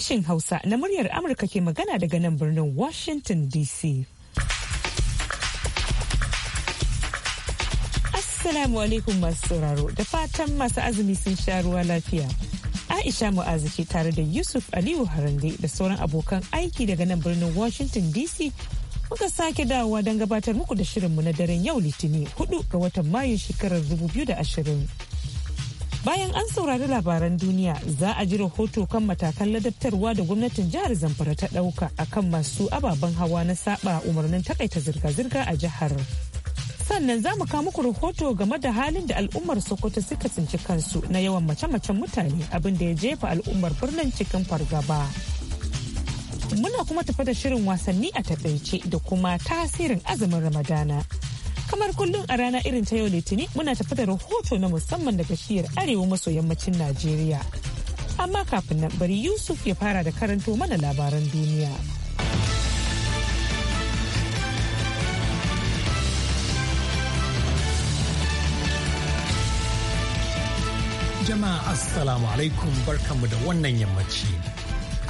Sashen Hausa na muryar Amurka ke magana daga nan birnin Washington DC. Assalamu alaikum masu sauraro da fatan masu azumi sun sha ruwa lafiya. Aisha Mu'azu ce tare da Yusuf Aliyu Harande da sauran abokan aiki daga nan birnin Washington DC muka sake dawowa don gabatar muku da shirinmu na daren yau litini 4 ga watan Mayu shekarar 2020. Bayan an saurari labaran duniya za a ji rahoto kan matakan ladabtarwa da gwamnatin jihar Zamfara ta ɗauka kan masu ababen hawa na saba umarnin takaita zirga-zirga a jihar. Sannan za mu kawo muku rahoto game da halin da al'ummar Sokoto suka tsinci kansu na yawan mace-macen mutane abin da ya jefa al'ummar birnin cikin fargaba. Muna kuma tafi da shirin wasanni a taƙaice da kuma tasirin azumin Ramadana. kamar kullum a rana irin ta yau litinin muna tafi da rahoto na musamman daga shiyar arewa maso yammacin najeriya amma kafin nan bari yusuf ya fara da karanto mana labaran duniya jama'a assalamu alaikum barkanmu da wannan yammaci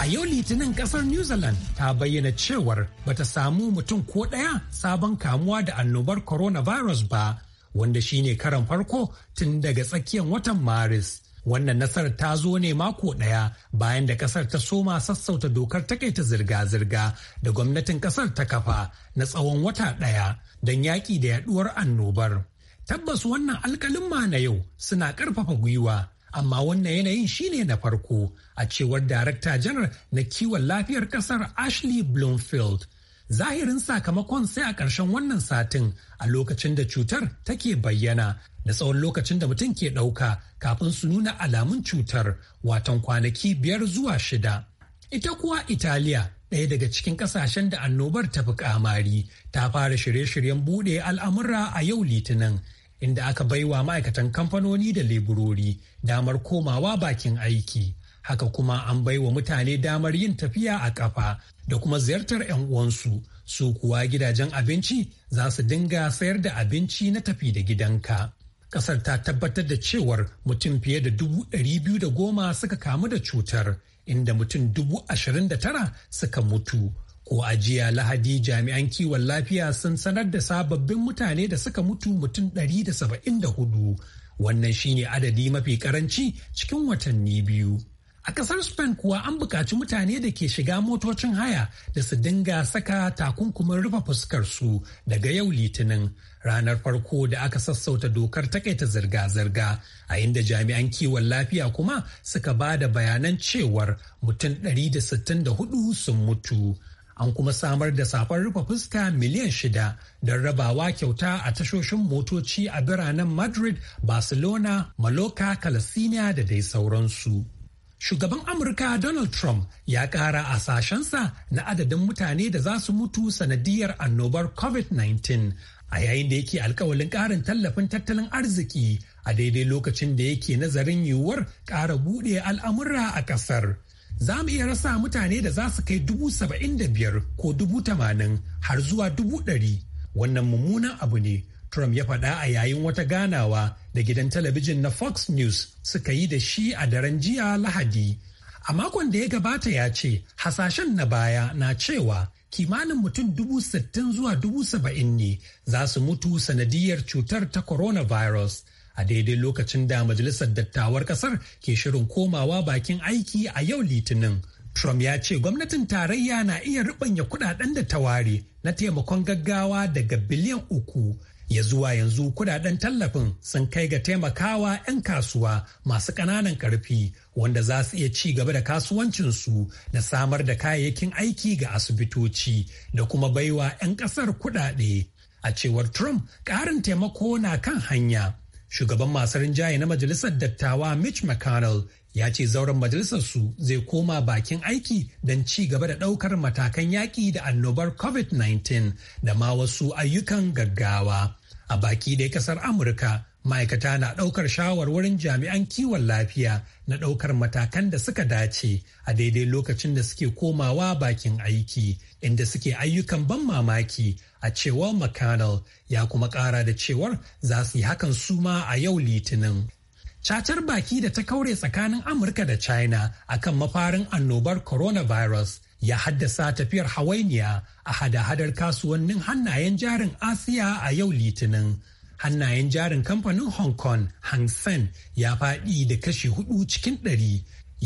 A yau Litinin kasar New Zealand ta bayyana cewar bata samu mutum ko ɗaya sabon kamuwa da annobar coronavirus ba, wanda shine karan farko tun daga tsakiyar watan Maris. Wannan nasarar ta zo ne mako ɗaya bayan da kasar ta soma sassauta dokar takaita zirga-zirga da gwamnatin kasar ta kafa na tsawon wata ɗaya don yaƙi da yaɗuwar annobar. Tabbas wannan alkalin ma na yau suna ƙarfafa gwiwa amma wannan yanayin shine na farko a cewar darakta janar na kiwon lafiyar kasar ashley bloomfield zahirin sakamakon sai a ƙarshen wannan satin a lokacin da cutar take bayyana da tsawon lokacin da mutum ke ɗauka kafin su nuna alamun cutar watan kwanaki biyar zuwa shida ita kuwa italiya ɗaya daga cikin ƙasashen da annobar ta fi kamari ta fara shirye-shiryen buɗe al'amura a yau litinin inda aka baiwa ma'aikatan kamfanoni da leburori damar komawa bakin aiki. Haka kuma an baiwa mutane damar yin tafiya a ƙafa da kuma ziyartar 'yan uwansu su kuwa gidajen abinci za su dinga sayar da abinci na tafi da gidanka. Kasar ta tabbatar da cewar mutum fiye da dubu ɗari biyu da goma suka kamu da cutar inda mutum dubu ashirin da tara suka mutu Ko a jiya Lahadi jami'an kiwon lafiya sun sanar da sababbin mutane da suka mutu mutum 174 wannan shine adadi mafi karanci cikin watanni biyu. A kasar Spain kuwa an buƙaci mutane da ke shiga motocin haya da su dinga saka takunkumin rufe fuskar su. daga yau litinin ranar farko da aka sassauta dokar takaita zirga-zirga a inda jami'an kiwon lafiya kuma suka ba da bayanan cewar mutum 164 sun mutu. an kuma samar da safar rufe fuska miliyan shida don rabawa kyauta a tashoshin motoci a biranen madrid barcelona maloka calasinia da dai sauransu shugaban amurka donald trump ya kara a sashensa na adadin mutane da za su mutu sanadiyar annobar covid-19 a yayin da yake alkawalin karin tallafin tattalin arziki a daidai lokacin da yake nazarin yiwuwar kara buɗe al'amura a ƙasar. za mu iya rasa mutane da za su kai dubu saba'in da biyar ko dubu tamanin har zuwa dubu ɗari wannan mummunan abu ne trump ya faɗa a yayin wata ganawa da gidan talabijin na fox news suka yi da shi a daren jiya lahadi a makon da ya gabata ya ce hasashen na baya na cewa kimanin mutum dubu sittin zuwa dubu saba'in ne za su mutu sanadiyar cutar ta coronavirus a daidai lokacin da majalisar dattawar kasar ke shirin komawa bakin aiki a yau litinin trump ya ce gwamnatin tarayya na iya rubanya kudaden da ta na taimakon gaggawa daga biliyan uku ya zuwa yanzu kudaden tallafin sun kai ga taimakawa 'yan kasuwa masu ƙananan ƙarfi wanda za su iya ci gaba da kasuwancinsu na samar da kayayyakin aiki ga asibitoci da kuma baiwa 'yan ƙasar kudade a cewar trump ƙarin taimako na kan hanya shugaban masu rinjaye na majalisar dattawa mitch mcconnell ya ce zauren majalisar su zai koma bakin aiki don ci gaba da ɗaukar matakan yaƙi da annobar covid-19 da ma wasu ayyukan gaggawa a baki dai kasar amurka ma'aikata na ɗaukar shawarwarin jami'an kiwon lafiya na ɗaukar matakan da suka dace a daidai lokacin da suke komawa bakin aiki inda suke ayyukan ban mamaki a cewar McConnell ya kuma ƙara da cewar za su yi hakan su ma a yau litinin. Cacar baki da ta kaure tsakanin Amurka da China akan mafarin annobar coronavirus ya haddasa tafiyar hawainiya a hada-hadar kasuwannin hannayen jarin Asiya a yau litinin. hannayen jarin kamfanin hong kong hang seng ya faɗi da kashi hudu cikin ɗari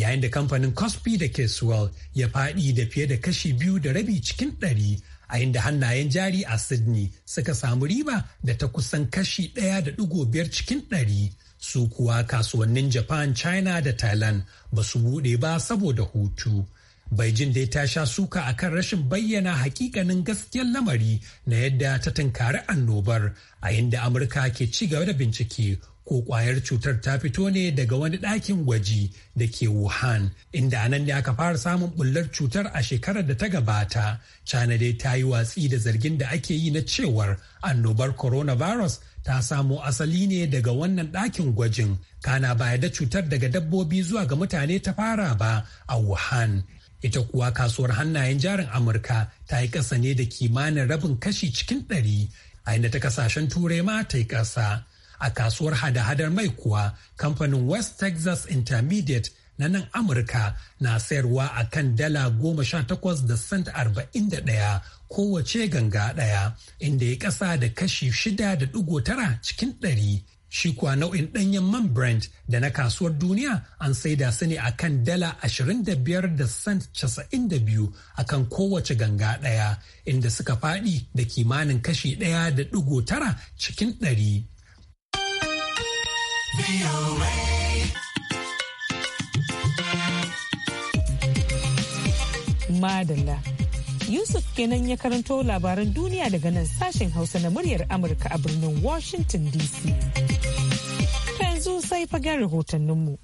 yayin da kamfanin cosby da caswell ya faɗi da fiye da kashi biyu da rabi cikin ɗari a inda hannayen jari a sydney suka samu riba da ta kusan kashi ɗaya da ɗigo biyar cikin ɗari su kuwa kasuwannin japan china da thailand ba su buɗe ba saboda hutu Beijing dai ta sha suka kan rashin bayyana hakikanin gaskiyar lamari na yadda ta tunkari annobar a inda Amurka ke ci gaba da bincike ko kwayar cutar ta fito ne daga wani ɗakin gwaji da ke Wuhan inda anan ne aka fara samun bullar cutar a shekarar da ta gabata. China dai ta yi watsi da zargin da ake yi na cewar annobar coronavirus ta samo asali ne daga wannan ɗakin gwajin kana baya da cutar daga dabbobi zuwa ga mutane ta fara ba a Wuhan. Ita kuwa kasuwar hannayen jarin Amurka ta yi kasa ne da kimanin rabin kashi cikin ɗari, a inda ta kasashen Turai ma ta yi kasa A kasuwar hada-hadar mai kuwa, kamfanin West Texas Intermediate na nan Amurka na sayarwa a kan dala goma sha takwas da cent arba'in da ɗaya kowace ganga ɗaya, inda ya ƙasa da kashi shida da ɗigo tara cikin ɗari. Shi kuwa nau'in ɗanyen man Brent da na kasuwar duniya an saida su ne a kan dala 25 da cent 92 kan kowace ganga ɗaya inda suka faɗi da kimanin kashi ɗaya da ɗigo tara cikin ɗari. Madalla. Yusuf kenan ya karanto labaran duniya daga nan sashen Hausa na muryar Amurka a birnin Washington DC. Yanzu sai fagen rahotanninmu.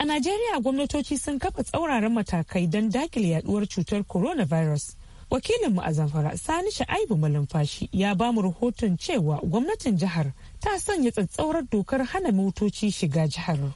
A Najeriya gwamnatoci sun kafa tsauraran matakai don dakile yaduwar cutar coronavirus. Wakilinmu a Zamfara Sani Sha'aibu Malumfashi ya ba mu rahoton cewa gwamnatin jihar ta sanya tsatsaurar dokar hana motoci shiga jihar.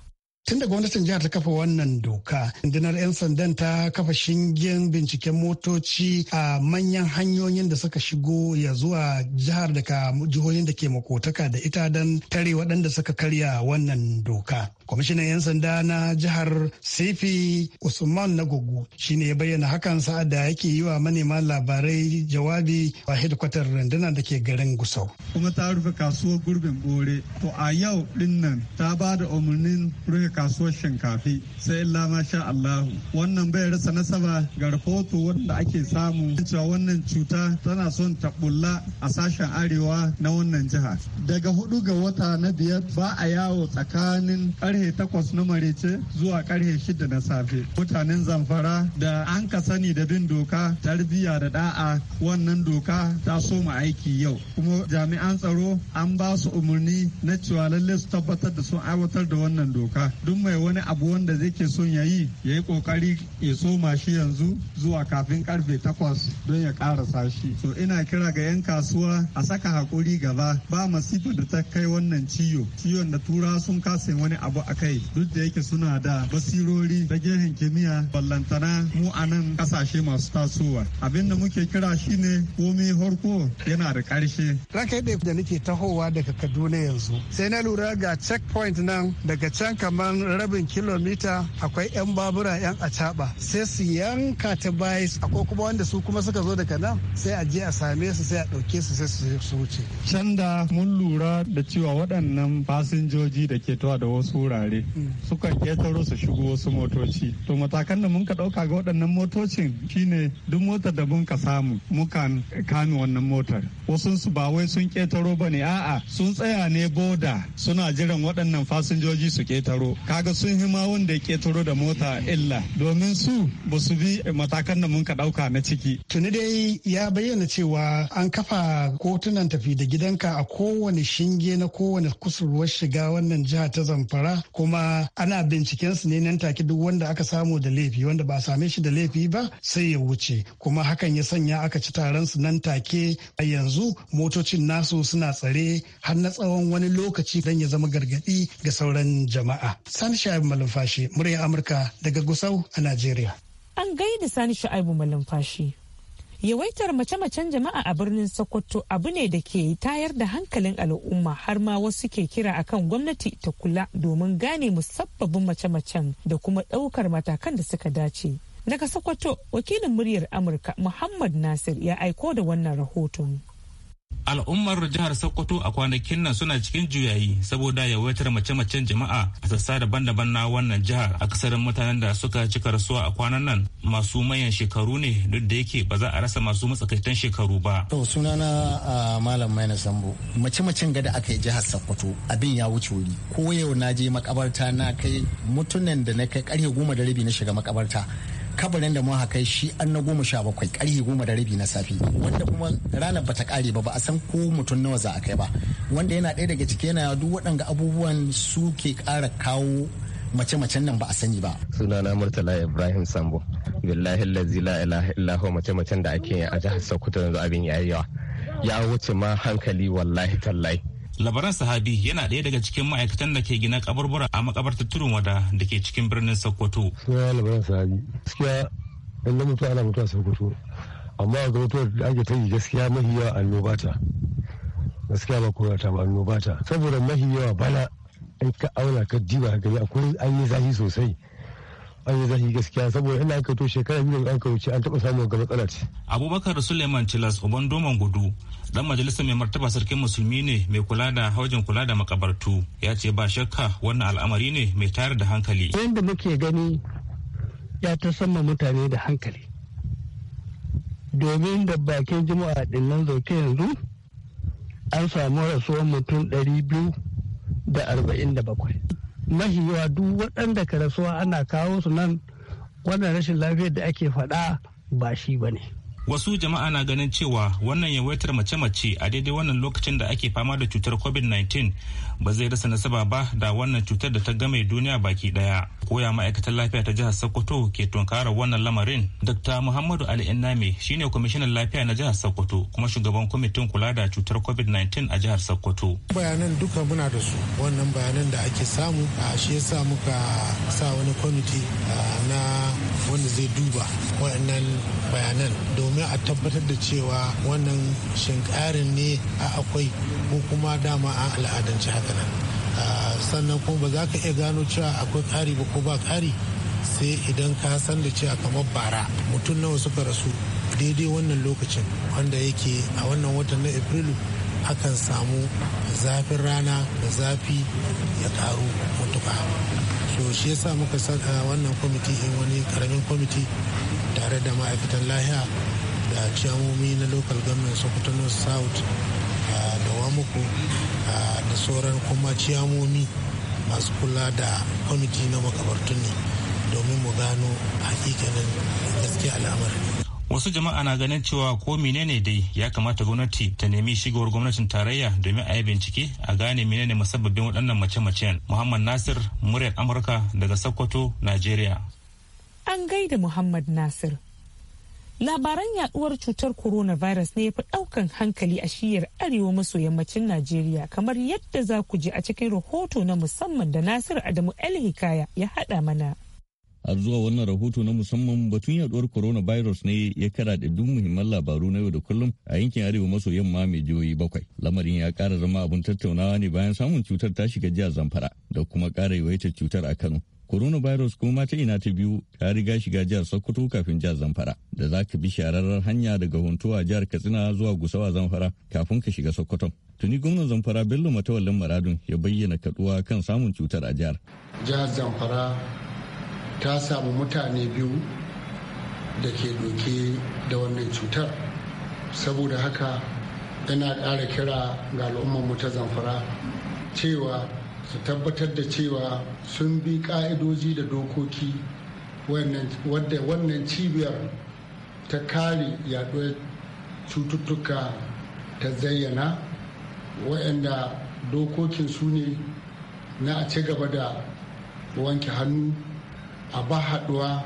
tunda gwamnatin jihar ta kafa wannan doka rundunar 'yan sandan ta kafa shingen binciken motoci a manyan hanyoyin da suka shigo ya zuwa jihar daga jihohin da ke makotaka da ita don tare waɗanda suka karya wannan doka kwamishinan 'yan sanda na jihar sifi usman nagogo shine ya bayyana hakan Sa'a da yake yi wa manema labarai jawabi a hedkwatar rundunar da ke garin gusau kuma ta rufe kasuwar gurbin bore to a yau dinnan ta ba da umarnin rufe kasuwar shinkafi sai illa sha Allahu wannan bai rasa nasaba ga rahoto wanda ake samu cewa wannan cuta tana son bulla a sashen arewa na wannan jiha daga hudu ga wata na biyar ba a yawo tsakanin karhe takwas na marece zuwa karhe shida na safe mutanen zamfara da an ka sani da bin doka tarbiyya da da'a wannan doka ta so mu aiki yau kuma jami'an tsaro an ba su umarni na cewa lallai su tabbatar da sun aiwatar da wannan doka duk mai wani abu wanda zai ke son ya yi ya yi kokari ya soma shi yanzu zuwa kafin karfe takwas don ya karasa shi so ina kira ga 'yan kasuwa a saka hakuri gaba ba masifa da ta kai wannan ciyo ciyon da tura sun kasa wani abu a kai duk da yake suna da basirori da gehen kimiyya ballantana mu a nan kasashe masu tasowa abin da muke kira shine komai horko yana da karshe ranka da nake tahowa daga kaduna yanzu sai na lura ga checkpoint nan daga can kamar rabin kilomita akwai 'yan babura 'yan acaba sai su yanka ta baya akwai kuma wanda su kuma suka zo daga nan sai a je a same su sai a ɗauke su sai su wuce. can da mun lura da cewa waɗannan fasinjoji da ke tawa da wasu wurare mm. sukan ketaro su shigo wasu motoci to matakan da mun ka ɗauka ga waɗannan motocin shine duk motar da mun ka samu mukan kame wannan motar wasu su ba wai sun ketaro ba ne a'a sun tsaya ne boda suna jiran waɗannan fasinjoji su ketaro kaga sun hima wanda ya ketaro da mota illa domin su ba su bi matakan da mun ka dauka na ciki. Tuni dai ya bayyana cewa an kafa kotunan tafi da gidanka a kowane shinge na kowane kusurwar shiga wannan jiha ta zamfara kuma ana binciken su ne nan take duk wanda aka samu da laifi wanda ba same shi da laifi ba sai ya wuce kuma hakan ya sanya aka ci taron su nan take a yanzu motocin nasu suna tsare har na tsawon wani lokaci don ya zama gargadi ga sauran jama'a. Sani Shaibu Malumfashi, murya Amurka daga Gusau a Najeriya. An gaida Sani Shaibu Malumfashi. Yawaitar mace-macen jama'a a birnin Sokoto abu ne da ke tayar da hankalin al'umma har ma wasu ke kira akan gwamnati ta kula domin gane musabbabin mace-macen da kuma ɗaukar matakan da suka dace. Daga Sokoto, wakilin muryar Amurka Muhammad Nasir ya aiko da wannan rahoton. al'ummar jihar sokoto a kwanakin nan suna cikin juyayi saboda yawaitar mace-macen jama'a a sassa daban-daban na wannan jihar a kasarin mutanen da suka ci rasuwa a kwanan nan masu mayan shekaru ne duk da yake ba za a rasa masu matsakaitan shekaru ba to sunana a malam maina sambo mace-macen gada aka yi jihar sokoto abin ya wuce wuri ko yau na je makabarta na kai mutunan da na kai karya goma da rabi na shiga makabarta kabarin da mun haka shi an na goma sha bakwai ƙarfe goma da rabi na safe wanda kuma ranar bata kare ba ba a san ko mutum nawa za a kai ba wanda yana ɗaya daga ciki yana duk waɗanda abubuwan su ke ƙara kawo mace-macen nan ba a sani ba. Sunana Murtala Ibrahim Sambo. Billahi lazi la ilaha illahu mace-macen da ake a jihar Sokoto yanzu abin yayi yawa. Ya wuce ma hankali wallahi tallahi. labaran sahabi yana ɗaya daga cikin ma'aikatan da ke gina kaburbura a makabartar turun wada da ke cikin birnin sokoto suna labaran sahabi gaskiya inda mutu ana mutuwa sokoto amma a mutuwar da ake ta yi gaskiya mahi yawa annoba ta gaskiya ba kowa ta ba annoba saboda mahi yawa bana in ka auna ka jiba ka gani akwai an yi zafi sosai wani zan yi gaskiya saboda ina aka to shekara biyu da aka wuce an taɓa samun ga matsala Abubakar Suleiman Chilas Uban Doman Gudu dan majalisar mai martaba sarkin musulmi ne mai kula da haujin kula da makabartu ya ce ba shakka wannan al'amari ne mai tayar da hankali. da muke gani ya ta sama mutane da hankali. Domin da bakin jima'a dinnan zauke yanzu an samu rasuwar mutum ɗari biyu da arba'in da bakwai. mahiyawa duk waɗanda ka rasuwa ana kawo su nan wannan rashin lafiyar da ake faɗa ba shi ba ne. Wasu jama'a na ganin cewa wannan yawaitar mace-mace a daidai wannan lokacin da ake fama da cutar COVID-19 ba zai rasa nasaba ba da wannan cutar da ta game duniya baki daya koya ma'aikatar lafiya ta jihar sokoto ke tunkarar wannan lamarin dr muhammadu ali inami shine kwamishinan lafiya na jihar sokoto kuma shugaban kwamitin kula da cutar covid-19 a jihar sokoto bayanan duka muna da su wannan bayanan da ake samu a shi yasa muka sa wani kwamiti na wanda zai duba waɗannan bayanan domin a tabbatar da cewa wannan shinkarin ne a akwai ko kuma dama an al'adance haka kenan ah, sannan kuma ba za ka iya gano cewa akwai kari ba ko ba ƙari sai idan ka san da cewa kamar bara mutum nawa suka rasu daidai wannan lokacin wanda yake a wannan watan na afrilu akan samu zafin rana da zafi ya karu mutuka so shi sa muka saka ah, wannan kwamiti in wani karamin kwamiti tare da ma'aikatan lahiya da ciyamomi na local government sokoto north south da wamuku da sauran kuma ciyamomi masu kula da kwamiti na makabartun ne domin mu gano hakikanin gaske al'amarin wasu jama'a na ganin cewa ko menene dai ya kamata gwamnati ta nemi shigowar gwamnatin tarayya domin a yi bincike a gane menene musabbabin waɗannan mace-macen muhammad nasir muryar amurka daga sokoto nigeria an gaida muhammad nasir labaran yaduwar cutar coronavirus ne ya fi daukan hankali a shiyar arewa maso yammacin najeriya kamar yadda za ku ji a cikin rahoto na musamman da nasiru adamu el hikaya ya hada mana har zuwa wannan rahoto na musamman batun yaduwar coronavirus ne ya kara da duk muhimman labaru na yau da kullum a yankin arewa maso yamma mai jihohi bakwai lamarin ya kara zama abun tattaunawa ne bayan samun cutar ta shiga jihar zamfara da kuma kara yawaitar cutar a kano coronavirus kuma mata ina ta biyu ta riga shiga jihar sokoto kafin jihar zamfara da za ka bi shararrar hanya daga huntuwa jihar katsina zuwa gusawa zamfara kafin ka shiga sokoto tuni gwamnan zamfara bello matawallin maradun ya bayyana kaduwa kan samun cutar a jihar jihar zamfara ta samu mutane biyu da ke doke da wannan cutar saboda haka yana ƙara kira ga al'ummar mu ta zamfara cewa su tabbatar da cewa sun bi ka'idoji da dokoki wadda wannan cibiyar ta kare yaduwar cututtuka ta zayyana waɗanda dokokin su ne na a ci gaba da wanke hannu a ba haɗuwa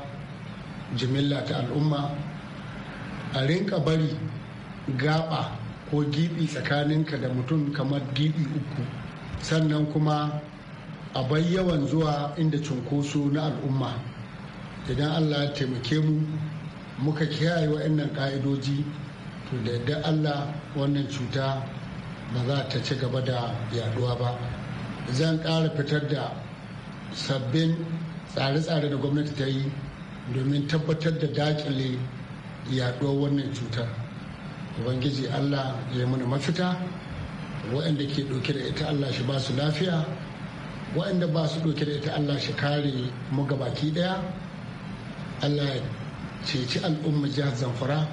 jimilla ta al'umma a rinka bari gaba ko gibi tsakaninka da mutum kamar gibi uku sannan kuma a bai yawan zuwa inda cunkoso na al'umma idan allah ya taimake mu muka kiyaye wa'annan ka'idoji to da yadda allah wannan cuta ba za ta ci gaba da yaduwa ba zan ƙara fitar da sabbin tsare-tsare da gwamnati ta yi domin tabbatar da dakile yaduwar wannan cutar ubangiji allah ya yi mana mafita waɗanda ke ɗauke da ita allah shi ba su lafiya waɗanda ba su ɗauke da ita allah shi kare mu gabaki ɗaya allah ceci al'ummar jihar zamfara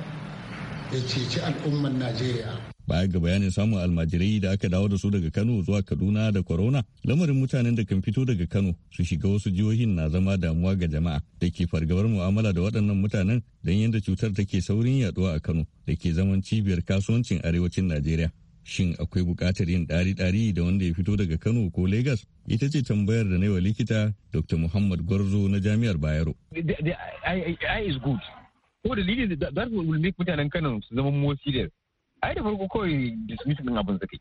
ya ceci al'ummar najeriya baya ga bayanin samun almajirai da aka dawo da su daga kano zuwa kaduna da corona lamarin mutanen da kan fito daga kano su shiga wasu jihohin na zama damuwa ga jama'a da ke fargabar mu'amala da waɗannan mutanen don yadda cutar take saurin yaduwa a kano da ke zaman cibiyar kasuwancin arewacin najeriya shin akwai bukatar yin ɗari-ɗari da wanda ya fito daga Kano ko Legas? Ita ce tambayar da na wa likita Dr. Muhammad Gwarzo na Jami'ar Bayero. i is good. Ko dalilin da mutanen Kano su zama more Ai da farko kawai dismiss din abin suke.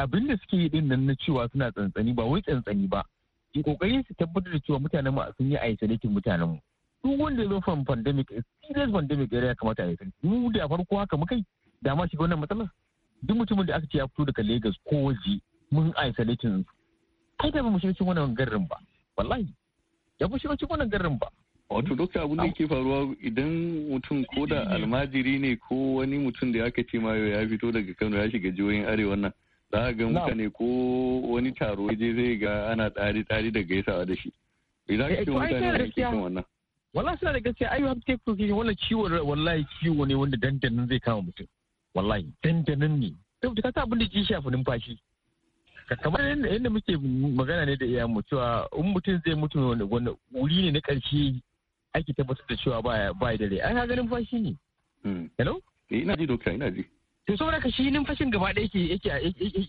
Abin da suke yi din nan na cewa suna tsantsani ba wai tsantsani ba. Ki kokari su tabbatar da cewa mutanen mu sun yi isolating mutanen mu. Duk wanda ya zo from pandemic, serious pandemic ya kamata a yi. Mu da farko haka mukai dama shiga wannan matsalar. duk mutumin da aka ce ya fito daga Legas ko waje mun isolating kai da ba mu shiga cikin wannan garin ba wallahi ya mu shiga cikin wannan garin ba wato duk abin da yake faruwa idan mutum ko da almajiri ne ko wani mutum da aka ce ma ya fito daga Kano ya shiga jihohin arewa nan za a ga mutane ko wani taro je zai ga ana tsari tsari da gaisawa da shi idan ka eh, ce mutane da ke kan wannan wala suna da gaskiya ayyuka take kuke wannan ciwon wallahi ciwo ne wanda dandanan zai kama mutum wallahi dandanan ne saboda ka sa abin da ke shafa numfashi kamar yadda muke magana ne da iyayen cewa in mutum zai mutu wani wuri ne na ƙarshe ake tabbatar da cewa ba da rai an ka numfashi ne hmm. hello eh, ina ji doka ina ji to saboda ka shi numfashin gaba da yake yake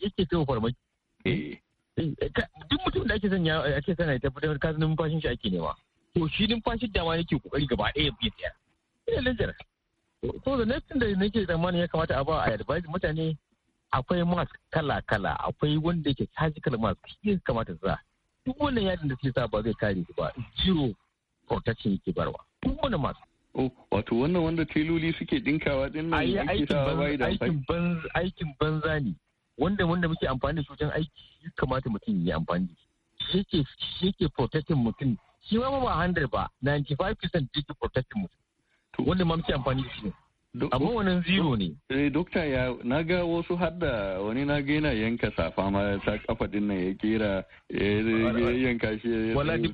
yake tawo farmaki eh. Eh, duk mutum da ake sanya ake sana ya tabbatar ka numfashin shi ake nema to shi numfashin ma yake kokari gaba ɗaya biyar? ina lantar so the next thing da nake zamani ya kamata a ba a advise mutane akwai mask kala kala akwai wanda yake surgical mask shi ya kamata za duk wannan yadin da suke sa ba zai kare su ba zero protection yake barwa duk wannan mask oh, wato wannan wanda teloli suke dinkawa din nan yake sa bai da aikin banza aikin banza ne wanda wanda muke amfani da shi wajen aiki ya kamata mutum ya amfani da shi yake shi yake protection mutum shi ma ba 100 ba 95% yake protection mutum to wanda ma muke amfani da shi ne amma wannan zero ne eh dokta ya naga wasu hadda wani na ga yana yanka safa ma ta kafa din nan ya kera ya yanka shi wala duk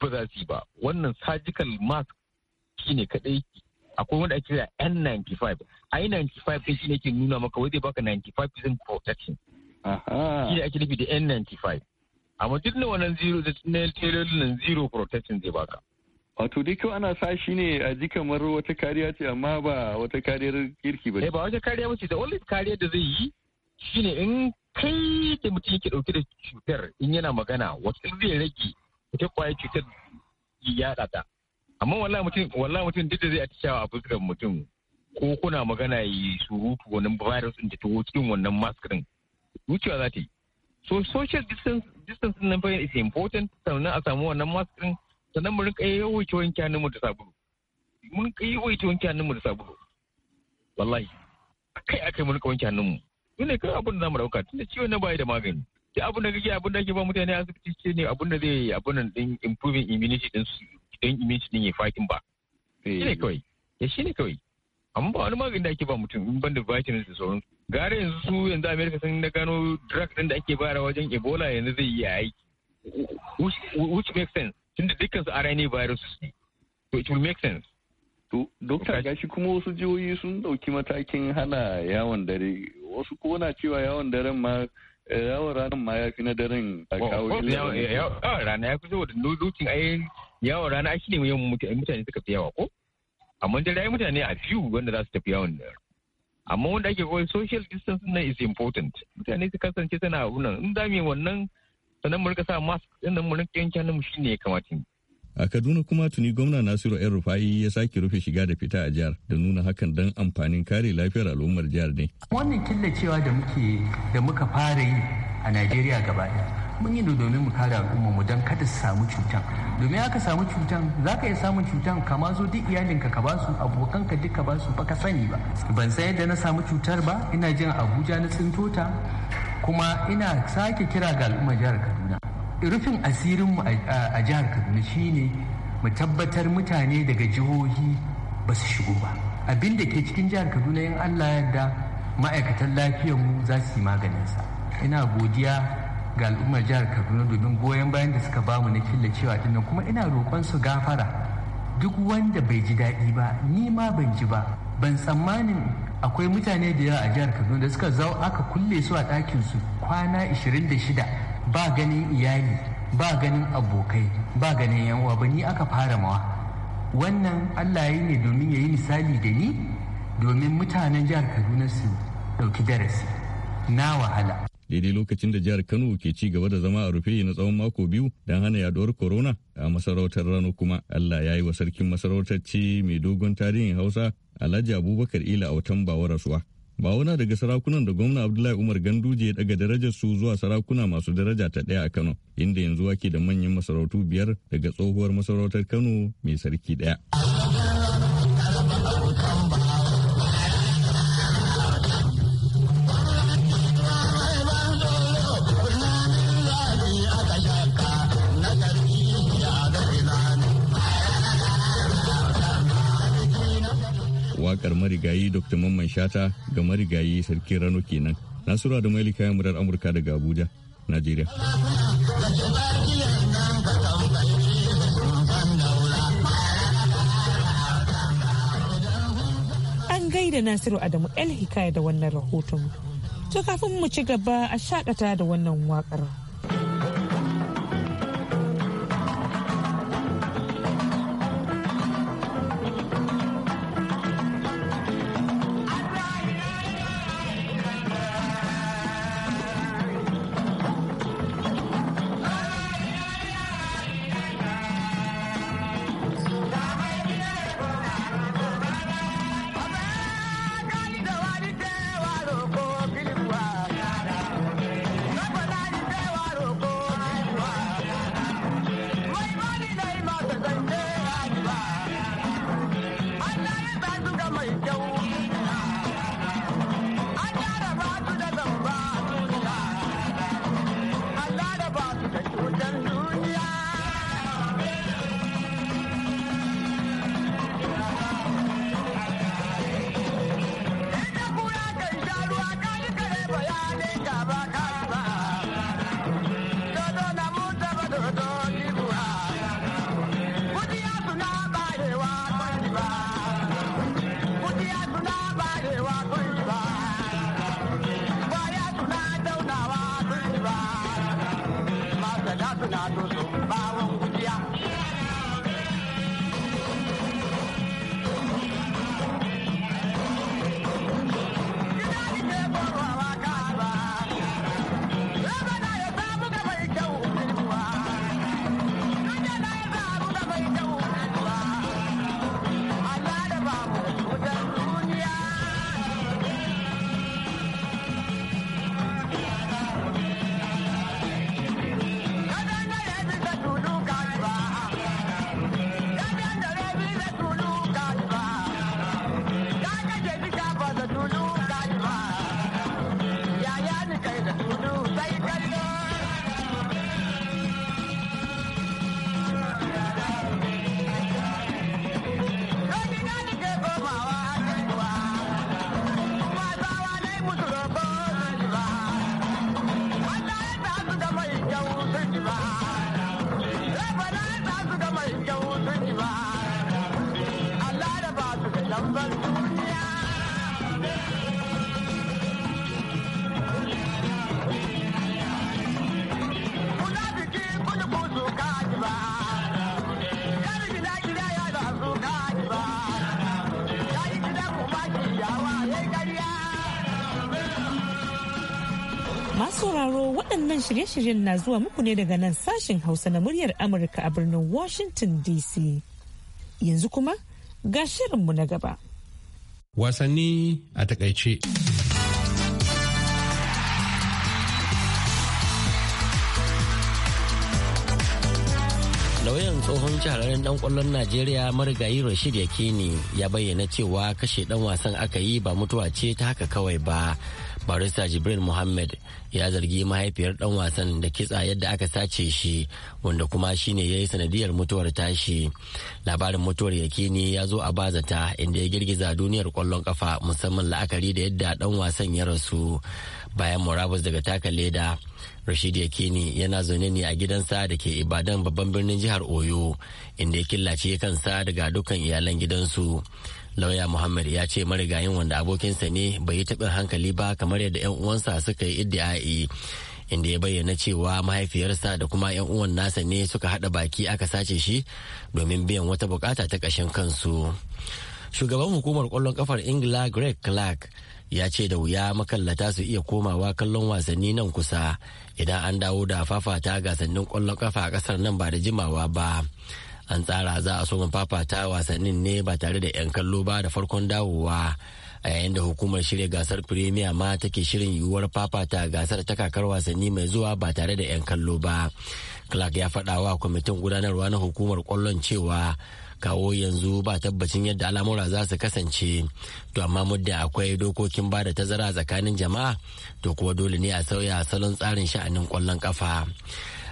ba za su ba wannan surgical mask shine kadai akwai wanda ake kira N95 I95 din shine ke nuna maka wai zai baka 95% protection shine ake nufi da N95 amma duk na wannan zero na nan zero protection zai baka Wato dai kawai ana sa shi ne a ji kamar wata kariya ce amma ba wata kariyar kirki ba. Eh, ba wata kariya ba ce da only kariyar da zai yi shine in kai da mutum yake dauke da cutar in yana magana wata zai rage ita kwaya cutar ya ta. Amma wallahi mutum wallahi mutum duk da zai atishawa a fuskar mutum ko kuna magana yi surutu wannan virus din ta taho cikin wannan mask din wucewa za ta yi. So social distance distance nan fa is important sannan a samu wannan mask din sannan mu rinka wuce wanke hannunmu da sabulu mun yi wuce wanke hannunmu da sabulu wallahi akai akai mu rinka wanke hannunmu mu ne kai abin da zamu dauka da ciwon na bai da magani da abin da kake abin da ake ba mutane a asibiti ce ne abin da zai abin nan din improving immunity din su don immunity din ya fakin ba eh. shi ne kawai ya shi ne kawai amma ba wani magani da ake ba mutum in banda vitamins da su. gare yanzu su yanzu america sun da gano drug din da ake bayarwa wajen ebola yanzu zai yi aiki which makes sense tunda dukkan su RNA viruses ne to it will make sense dokta gashi kuma wasu jihohi sun dauki matakin hana yawon dare wasu ko na cewa yawon daren ma eh, yawon ranar ma ya fi na daren a kawo eh, yawon rana ya fi saboda lokacin ai yawon rana ai shine yawan mutane suka fi yawa ko amma dare ai mutane a few wanda za su tafi yawon dare amma wanda ake kawai social distance na is important mutane su kasance suna abunan in za mu yi wannan sannan mu rika sa mask din mu rika yanke hannun mu shine ya kamata a Kaduna kuma tuni gwamna Nasiru yan Rufai ya sake rufe shiga da fita a jihar da nuna hakan don amfanin kare lafiyar al'ummar jihar ne. Wannan killacewa da muke da muka fara yi a Najeriya gaba mun yi domin mu kare al'ummar mu don kada su samu cutan domin aka samu cutan za ka iya samun cutan ka ma zo duk iyalinka ka basu abokanka duk ka basu ba ka sani ba ban san yadda na samu cutar ba ina jin abuja na tsintota kuma ina sake kira ga al'ummar jihar kaduna rufin asirin mu a jihar kaduna shine mu tabbatar mutane daga jihohi ba su shigo ba abin da ke cikin jihar kaduna yin allah yadda ma'aikatan mu za su yi maganin sa ina godiya ga al'ummar jihar kaduna domin goyon bayan da suka bamu na killacewa dinnan kuma ina roƙon su gafara duk wanda bai ji daɗi ba ni ma ban ji ba ban tsammanin akwai mutane da yawa a jihar kaduna da suka zau aka kulle su a ɗakinsu kwana 26 ba ganin iyali ba ganin abokai ba ganin yan ba ni aka fara mawa wannan allah ya ne domin ya yi misali da ni domin mutanen jihar kaduna su ɗauki darasi na wahala daidai lokacin da jihar Kano ke ci gaba da zama a rufe na tsawon mako biyu don hana yaduwar corona a masarautar Rano kuma Allah ya yi wa sarkin masarautar ce mai dogon tarihin Hausa Alhaji Abubakar Ila a watan Bawa rasuwa. Bawana daga sarakunan da gwamna Abdullahi Umar Ganduje ya daga darajar su zuwa sarakuna masu daraja ta ɗaya a Kano, inda yanzu ake da manyan masarautu biyar daga tsohuwar masarautar Kano mai sarki ɗaya. wakar marigayi dr mamman shata ga marigayi sarki rano kenan nasura da maili kayan murar amurka daga abuja najeriya an gaida nasiru adamu el hikaya da wannan rahoton to kafin mu ci gaba a shakata da wannan waƙar Masu sauraro waɗannan shirye-shiryen na zuwa muku ne daga nan sashen Hausa na muryar Amurka a birnin Washington DC. Yanzu kuma ga shirinmu na gaba. Wasanni a takaice. lauyan tsohon shahararren dan kwallon najeriya marigayi rashid yakini ya bayyana cewa kashe dan wasan aka yi ba mutuwa ce ta haka kawai ba barista jibril muhammad ya zargi mahaifiyar dan wasan da kitsa yadda aka sace shi wanda kuma shine ya yi sanadiyar mutuwar tashi labarin mutuwar yakini ya zo a bazata inda ya girgiza duniyar kwallon kafa musamman la'akari da yadda dan wasan ya rasu bayan murabus daga taka leda Rashid Yakini yana zaune ne a gidansa da ke Ibadan babban birnin jihar Oyo inda ya killace kansa daga dukkan iyalan gidansu. Lauya Muhammad ya ce marigayin wanda abokinsa ne bai yi taɓin hankali ba kamar yadda 'yan uwansa suka yi iddi'a'i. inda ya bayyana cewa mahaifiyarsa da kuma 'yan uwan nasa ne suka haɗa baki aka sace shi domin biyan wata bukata ta ƙashin kansu. Shugaban hukumar kwallon kafar Ingila Greg Clark ya ce da wuya makallata su iya komawa kallon wasanni nan kusa idan an dawo da fafata gasannin kwallon kafa a kasar nan ba da jimawa ba an tsara za a so fafata wasannin ne ba tare da 'yan kallo ba da farkon dawowa a yayin da hukumar shirya gasar firimiya ma take shirin yiwuwar fafata gasar ta kakar wasanni mai zuwa ba tare da 'yan kallo ba clark ya faɗa kwamitin gudanarwa na hukumar kwallon cewa kawo yanzu ba tabbacin yadda al'amura za su kasance to amma mudda akwai dokokin ba da tazara tsakanin jama'a to kuwa dole ne a sauya salon tsarin sha'anin kwallon kafa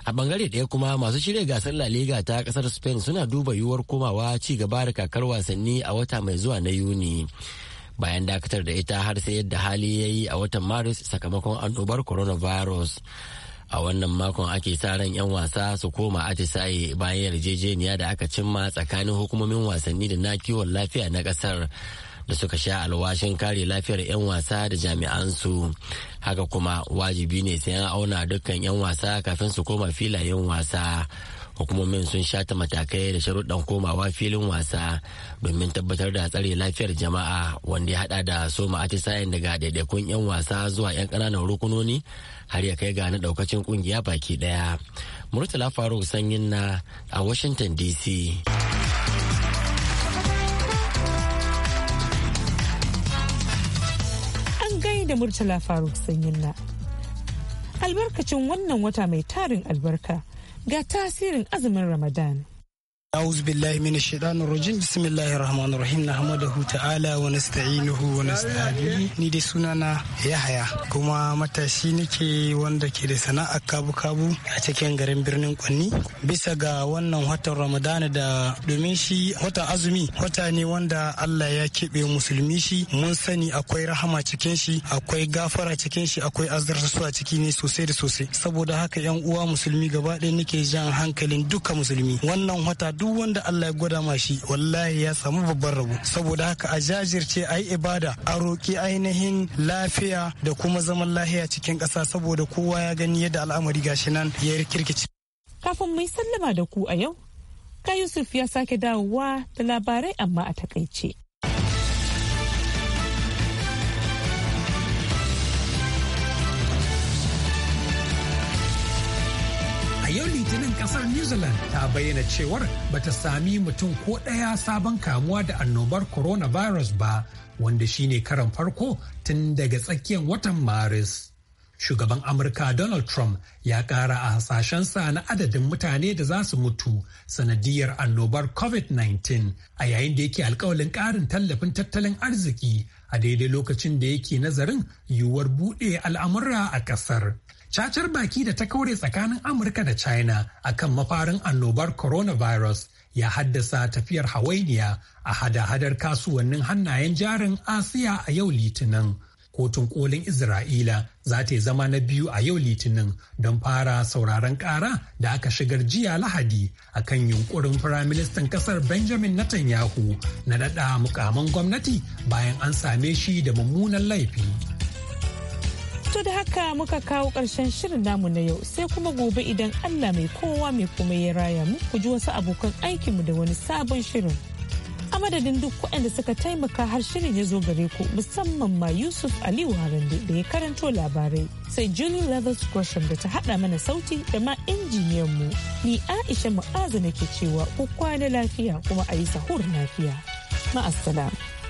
a bangare ɗaya kuma masu shirya gasar la liga ta kasar spain suna duba yiwuwar komawa ci gaba da kakar wasanni a wata mai zuwa na yuni bayan dakatar da ita har sai yadda hali ya yi a watan maris sakamakon annobar coronavirus a wannan makon ake sa ran 'yan wasa su koma atisaye bayan yarjejeniya da aka cimma tsakanin hukumomin wasanni da na kiwon lafiya na kasar da suka sha alwashin kare lafiyar 'yan wasa da jami'ansu haka kuma wajibi ne sai an auna dukkan 'yan wasa kafin su koma filayen wasa hukumomin sun shata matakai da sharuɗan komawa filin wasa domin tabbatar da tsare lafiyar jama'a wanda ya hada da soma atisayen daga daidaikun 'yan wasa zuwa 'yan ƙananan rukunoni har ya kai ga na ɗaukacin ƙungiya baki ɗaya. Murtala Faruk Sanyin na a Washington DC. An gaida Murtala Faruk Sanyin na. Albarkacin wannan wata mai tarin albarka. ga tasirin azumin Ramadan. أعوذ بالله من الشيطان الرجيم بسم الله الرحمن الرحيم نحمده تعالى ni dai sunana Yahaya kuma matashi nake wanda ke da sana'a kabu-kabu a cikin garin birnin Kwanni bisa ga wannan watan Ramadana da domin shi azumi wata ne wanda Allah ya keɓe musulmi shi mun sani akwai rahama cikin shi akwai gafara cikin shi akwai a ciki ne sosai da sosai saboda haka yan uwa musulmi gaba ɗaya nake jan hankalin duka musulmi wannan wata duk wanda Allah ya gwada ma shi wallahi ya samu babban rabo saboda haka a jajirce a yi ibada a roki ainihin lafiya da kuma zaman lahiya cikin ƙasa saboda kowa ya gani yadda al'amari gashi nan ya kirkice. Kafin mai sallama da ku a yau, Ka Yusuf ya sake dawowa da labarai amma a takaice. yau litinin kasar New Zealand ta bayyana cewar bata sami mutum ko ɗaya sabon kamuwa da annobar coronavirus ba wanda shine karan farko tun daga tsakiyar watan Maris. Shugaban Amurka Donald Trump ya ƙara a hasashensa na adadin mutane da za su mutu sanadiyar annobar COVID-19 a yayin da yake alkawalin ƙarin tallafin tattalin arziki a daidai lokacin da yake nazarin yiwuwar buɗe al'amura a ƙasar. cacar baki da ta kaure tsakanin amurka da china akan mafarin annobar coronavirus ya haddasa tafiyar hawainiya a hada-hadar kasuwannin hannayen jarin asiya a yau litinin kotun kolin isra'ila za ta zama na biyu a yau litinin don fara sauraren kara da aka shigar jiya lahadi a kan yunkurin firaministan kasar benjamin netanyahu na dada mukaman gwamnati bayan an same shi da mummunan laifi To da haka muka kawo ƙarshen shirin namu na yau sai kuma gobe idan Allah mai kowa mai kuma ya raya mu ku ji wasu abokan aikinmu da wani sabon shirin. A madadin duk waɗanda suka taimaka har shirin ya zo gare ku musamman ma Yusuf Aliyu Harande da ya karanto labarai sai Julie Leathers Gresham da ta haɗa mana sauti da ma injiniyan mu ni Aisha Mu'azu nake cewa ku kwana lafiya kuma a yi sahur lafiya. Ma'assalam.